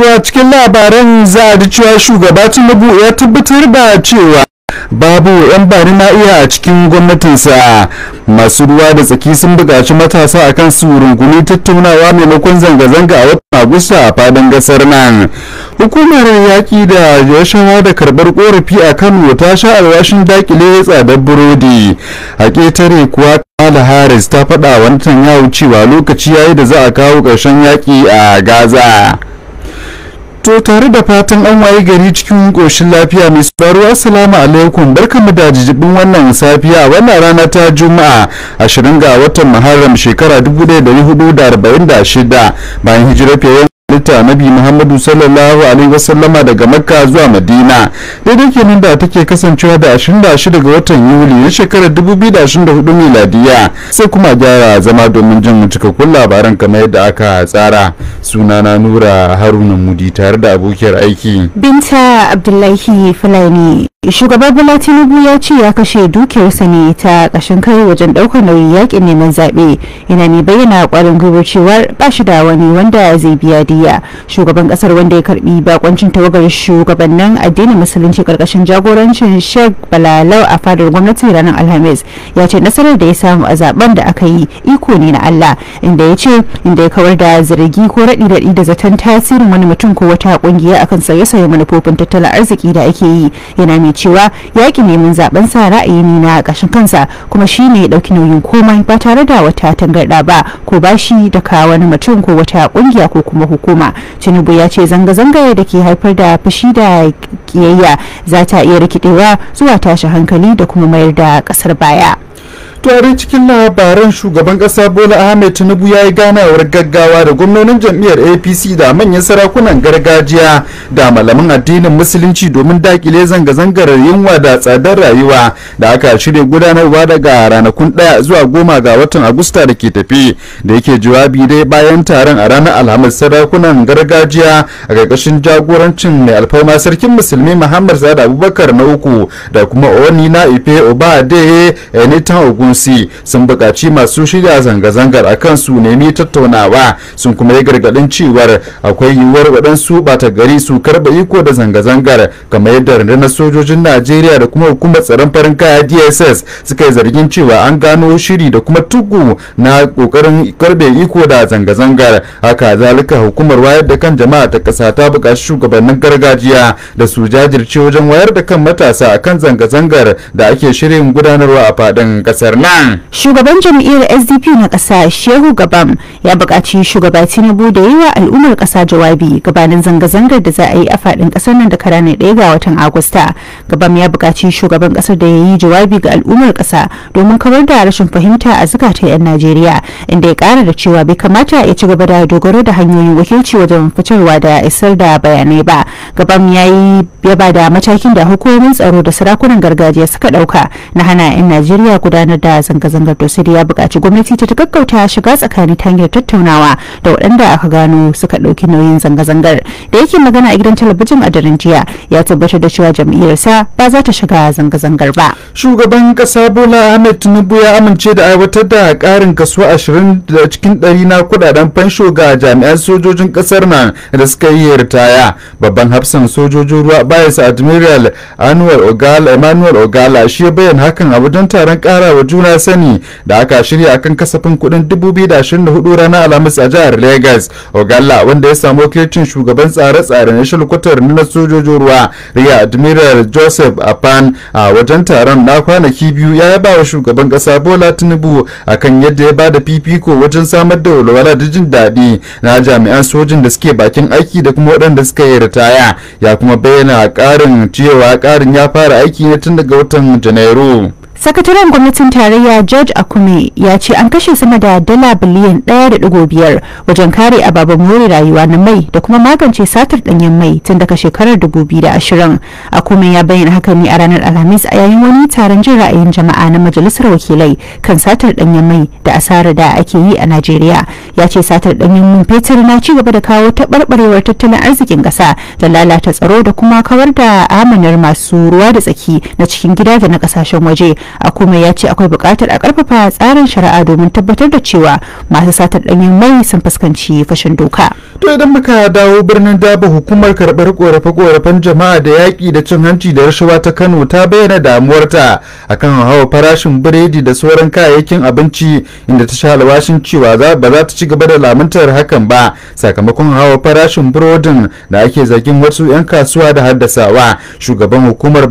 to a cikin labaran za a ji cewa shugaba tinubu ya tabbatar da cewa babu 'yan bari na iya a cikin gwamnatinsa masu ruwa da tsaki sun buƙaci matasa akan su rungumi tattaunawa maimakon zanga-zanga a watan agusta a fadin gasar nan hukumar yaƙi da yashawa da karɓar ƙorafi a kano ta sha alwashin dakile tsadar burodi a ƙetare kuwa Kamala Harris ta faɗa wani Netanyahu cewa lokaci yayi da za a kawo ƙarshen yaƙi a Gaza. To tare da fatan an waye gari cikin ƙoshin lafiya mai sauraro assalamu alaikum barkamu da jijibin wannan safiya wannan rana ta juma'a 20 ga watan muharram shekara 1446 bayan hijirar fiye halitta nabi muhammadu sallallahu alaihi wasallama daga makka zuwa madina daidai kenan da take kasancewa da 26 ga watan yuli na shekarar 2024 miladiya sai kuma gyara zama domin jin cikakkun labaran kamar yadda aka tsara sunana nura haruna mudi tare da abokiyar aiki binta abdullahi fulani shugaban bola tinubu ya ce ya kashe dukiyarsa ne ta ƙashin kai wajen ɗaukar nauyin yakin neman zaɓe yana mai bayyana ƙwarin gwiwar cewar ba shi da wani wanda zai biya diya shugaban ƙasar wanda ya karbi bakoncin tawagar shugabannin addinin musulunci karkashin jagorancin sheikh balalau a fadar gwamnati ranar alhamis ya ce nasarar da ya samu a zaben da aka yi iko ne na allah inda ya ce inda ya kawar da zargi ko raɗi raɗi da zaton tasirin wani mutum ko wata ƙungiya akan sauye-sauye manufofin tattalin arziki da ake yi yana mai mai cewa yaƙi neman zaben sa ra'ayi ne na ƙashin kansa kuma shi ne ya ɗauki nauyin komai ba tare da wata tangarɗa ba ko bashi da ka wani mutum ko wata ƙungiya ko kuma hukuma tinubu ya ce zanga-zangar da ke haifar da fushi da kiyayya za ta iya rikidewa zuwa tashi hankali da kuma mayar da ƙasar baya. tuwarin cikin labaran shugaban kasa bola ahmed tinubu ya yi ganawar gaggawa da gwamnonin jam'iyyar apc da manyan sarakunan gargajiya da malaman addinin musulunci domin dakile zanga-zangar yunwa da tsadar rayuwa da aka shirya gudanarwa daga ranakun ɗaya zuwa goma ga watan agusta da ke tafi da yake jawabi dai bayan taron a ranar alhamis sarakunan gargajiya a ƙarƙashin jagorancin mai alfarma sarkin musulmi muhammad sa'ad abubakar na uku da kuma oni na ife obade enitan ogun sanusi sun buƙaci masu shirya zanga-zangar a kan su nemi tattaunawa sun kuma yi gargaɗin cewar akwai yiwuwar waɗansu ɓata gari su karɓa iko da zanga-zangar kamar yadda rundunar sojojin najeriya da kuma hukumar tsaron farin kaya dss suka yi zargin cewa an gano shiri da kuma tugu na kokarin karɓe iko da zanga-zangar haka zalika hukumar wayar da kan jama'a ta ƙasa ta buƙaci shugabannin gargajiya da su jajirce wajen wayar da kan matasa akan zanga-zangar da ake shirin gudanarwa a faɗin ƙasar shugaban jam'iyyar sdp na ƙasa shehu gabam ya buƙaci shugaba tinubu da yi wa al'ummar ƙasa jawabi gabanin zanga-zangar da za a yi a faɗin ƙasar nan da kara na ɗaya ga watan agusta gabam ya buƙaci shugaban ƙasar da ya yi jawabi ga al'ummar ƙasa domin kawar da rashin fahimta a zukata 'yan najeriya inda ya ƙara da cewa bai kamata ya ci gaba da dogaro da hanyoyin wakilci wajen fitarwa da isar da bayanai ba gabam ya yi yaba da matakin da hukumomin tsaro da sarakunan gargajiya suka dauka na hana 'yan najeriya gudanar da zanga-zangar to sai ya buƙaci gwamnati ta gaggauta shiga tsakani ta tattaunawa da waɗanda aka gano suka ɗauki nauyin zanga-zangar da yake magana a gidan talabijin a daren jiya ya tabbatar da cewa jam'iyyarsa ba za ta shiga zanga-zangar ba shugaban ƙasa bola ahmed tinubu ya amince da aiwatar da ƙarin kaso ashirin da cikin ɗari na kuɗaɗen fansho ga jami'an sojojin kasar nan da suka yi ritaya babban hafsan sojojin ruwa vice admiral annual ogala emmanuel ogala shi ya bayyana hakan a wajen taron karawa juna sani da aka shirya akan kasafin kudin 2024 ranar alhamis a jihar lagos ogala wanda ya samu wakilcin shugaban tsare-tsare na shilkwatar na sojojin ruwa riya admiral joseph apan a wajen taron na kwanaki biyu ya yaba wa shugaban kasa bola tinubu akan yadda ya bada fifiko wajen samar da walwala da jin daɗi na jami'an sojin da suke bakin aiki da kuma waɗanda suka yi ritaya ya kuma bayyana ƙarin cewa ƙarin ya fara aiki ne tun daga watan janairu sakataren gwamnatin tarayya george akume ya ce an kashe sama da dala biliyan 1.5 wajen kare ababen more rayuwa na mai da kuma magance satar danyen mai tun daga shekarar 2020 akume ya bayyana haka ne a ranar alhamis a yayin wani taron jin ra'ayin jama'a na majalisar wakilai kan satar danyen mai da asarar da ake yi a najeriya ya ce satar danyen man fetur na ci gaba da kawo taɓarɓarewar tattalin arzikin ƙasa da lalata tsaro da kuma kawar da amanar masu ruwa da tsaki na cikin gida da na kasashen waje a akuma ya ce akwai buƙatar a ƙarfafa tsarin shari'a domin tabbatar da cewa masu satar ɗanyen mai sun fuskanci fashin doka to idan muka dawo birnin daba hukumar karɓar ƙorafe-ƙorafen jama'a da yaƙi da cin hanci da rashawa ta kano ta bayyana damuwarta akan hawa farashin biredi da sauran kayayyakin abinci inda ta sha alwashin cewa ba za ta ci gaba da lamuntar hakan ba sakamakon hawa farashin burodin da ake zargin wasu 'yan kasuwa da haddasawa shugaban hukumar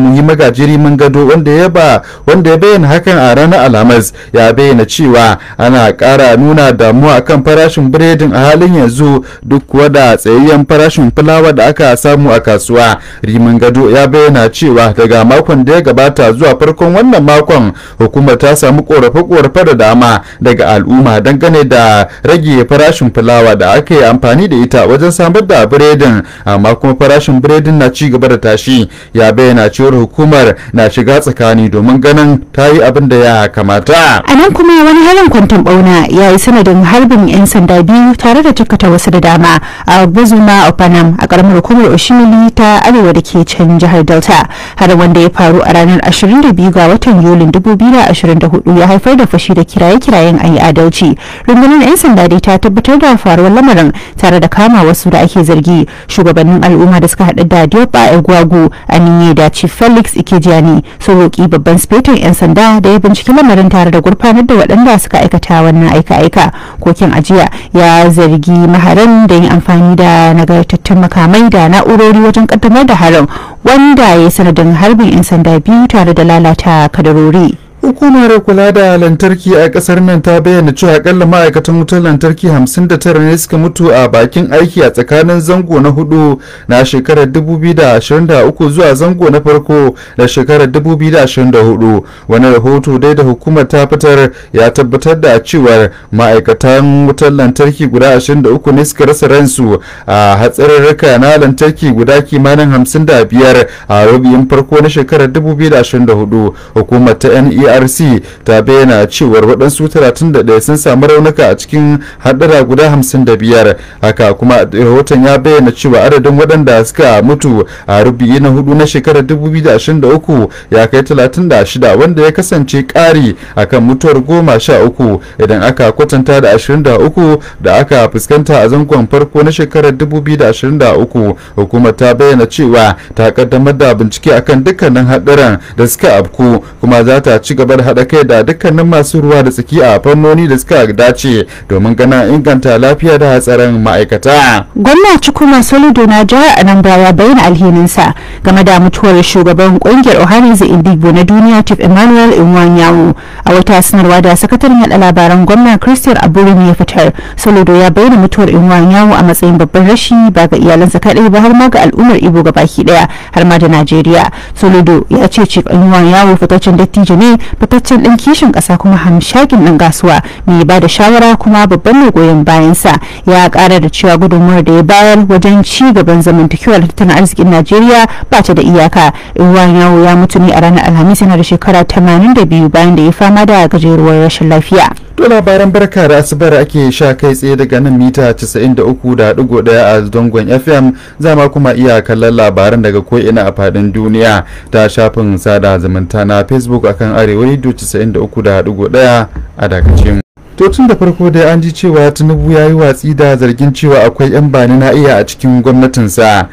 mun yi magajiri mun gado wanda ya ba wanda ya bayyana hakan a ranar alhamis ya bayyana cewa ana ƙara nuna damuwa akan farashin biredin a halin yanzu duk kuwa da tsayayyen farashin fulawa da aka samu a kasuwa rimin gado ya bayyana cewa daga makon da ya gabata zuwa farkon wannan makon hukumar ta samu korafe-korafe da dama daga al'umma dangane da rage farashin fulawa da aka yi amfani da ita wajen samar da biredin amma kuma farashin biredin na ci gaba da tashi ya bayyana cewar hukumar na shiga tsakani domin domin ganin ta yi abin da ya kamata. A nan kuma wani harin kwanton bauna ya yi sanadin harbin 'yan sanda biyu tare da tukata wasu da dama a Buzuma Opanam a karamar hukumar Oshimili ta arewa da ke can jihar Delta. har wanda ya faru a ranar 22 ga watan Yulin 2024 ya haifar da fashi da kiraye-kirayen ayi adalci. Rundunar 'yan sanda dai ta tabbatar da faruwar lamarin tare da kama wasu da ake zargi shugabannin al'umma da suka haɗa da Diop Egwagu Aniye da Chief Felix Ikejani sun roƙi babban sufenspetin 'yan sanda da ya binciki lamarin tare da gurfanar da waɗanda suka aikata wannan aika-aika kokin ajiya ya zargi maharan da yin amfani da nagartattun makamai da na'urori wajen kaddamar da harin wanda ya sanadin harbin 'yan sanda biyu tare da lalata kadarori. Hukumar kula da lantarki a kasar nan ta bayyana cewa akalla ma'aikatan wutar lantarki 59 ne suka mutu a bakin aiki a tsakanin zango na hudu na shekarar 2023 zuwa zango na farko na shekarar 2024. Wani rahoto dai da hukumar ta fitar ya tabbatar da cewar ma'aikatan wutar lantarki guda 23 ne suka rasa ransu a hatsarurruka na lantarki guda kimanin 55 a rubiyin farko na shekarar 2024. Hukumar ta NER DRC ta bayyana cewar waɗansu 31 sun samu raunuka a cikin haɗura guda 55 haka kuma rahoton ya bayyana cewa adadin waɗanda suka mutu a rubi na hudu na shekarar 2023 ya kai 36 wanda ya kasance ƙari akan mutuwar goma sha uku idan aka kwatanta da 23 da aka fuskanta a zangon farko na shekarar 2023 hukumar ta bayyana cewa ta kaddamar da bincike akan dukkanin haɗuran da suka afku kuma za ta ci gabar da haɗa kai da dukkanin masu ruwa da tsaki a fannoni da suka dace domin gana inganta lafiya da hatsarin ma'aikata. Gwamna Chukwuma Soludo na jihar Anambra ya bayyana alhininsa game da mutuwar shugaban kungiyar Ohanaeze Indigo na duniya Chief Emmanuel Iwanyawu a wata sanarwa da sakataren yaɗa labaran gwamna Christian Aburin ya fitar. Soludo ya bayyana mutuwar Iwanyawu a matsayin babban rashi ba ga iyalansa kaɗai ba har ma ga al'ummar Igbo gabaki ɗaya har ma da Najeriya. Soludo ya ce Chief Iwanyawu fitaccen dattijo ne fitaccen ɗin kishin ƙasa kuma hamshakin ɗin gasuwa mai ba da shawara kuma babban mai goyon bayansa ya ƙara da cewa gudunmuwar da ya bayar wajen ci gaban zamantakewar tattalin arzikin najeriya ba ta da iyaka ruwan yawo ya mutu ne a ranar alhamis yana da shekara 82 bayan da ya fama da gajeruwar rashin lafiya To labaran barka da asibar ake sha kai tsaye daga nan mita 93.1 a zangon FM zama kuma iya kallon labaran daga ko'ina a fadin duniya ta shafin sada zumunta na Facebook akan arewa radio 93.1 a dakacin. to tun da farko dai an ji cewa tinubu ya yi watsi da zargin cewa akwai 'yan bani na iya a cikin gwamnatinsa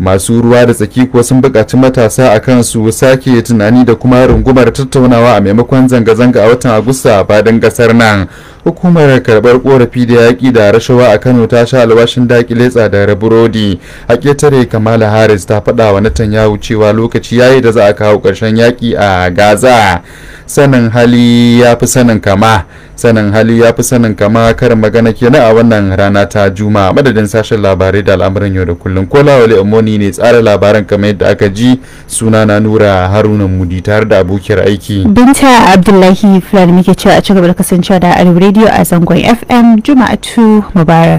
masu ruwa da tsaki ko sun bukaci matasa a kan su sake tunani da kuma rungumar tattaunawa a maimakon zanga-zanga a watan agusta a fadin gasar nan hukumar karɓar korafi da yaƙi da rashawa a kano ta sha alwashin daƙile tsadar burodi a ƙetare kamala harris ta faɗa wa netanyahu cewa lokaci ya yi da za a kawo ƙarshen yaƙi a gaza sanin hali ya fi sanin kama sanin hali ya fi sanin kama karin magana kenan a wannan rana ta juma'a madadin sashen labarai da al'amuran yau da kullum ko lawale amoni ne tsara labaran kamar yadda aka ji suna na nura haruna mudi tare da abokiyar aiki binta abdullahi fulani muke cewa a cigaba da kasancewa da arewa radio a zangon fm juma'a juma'atu mubarak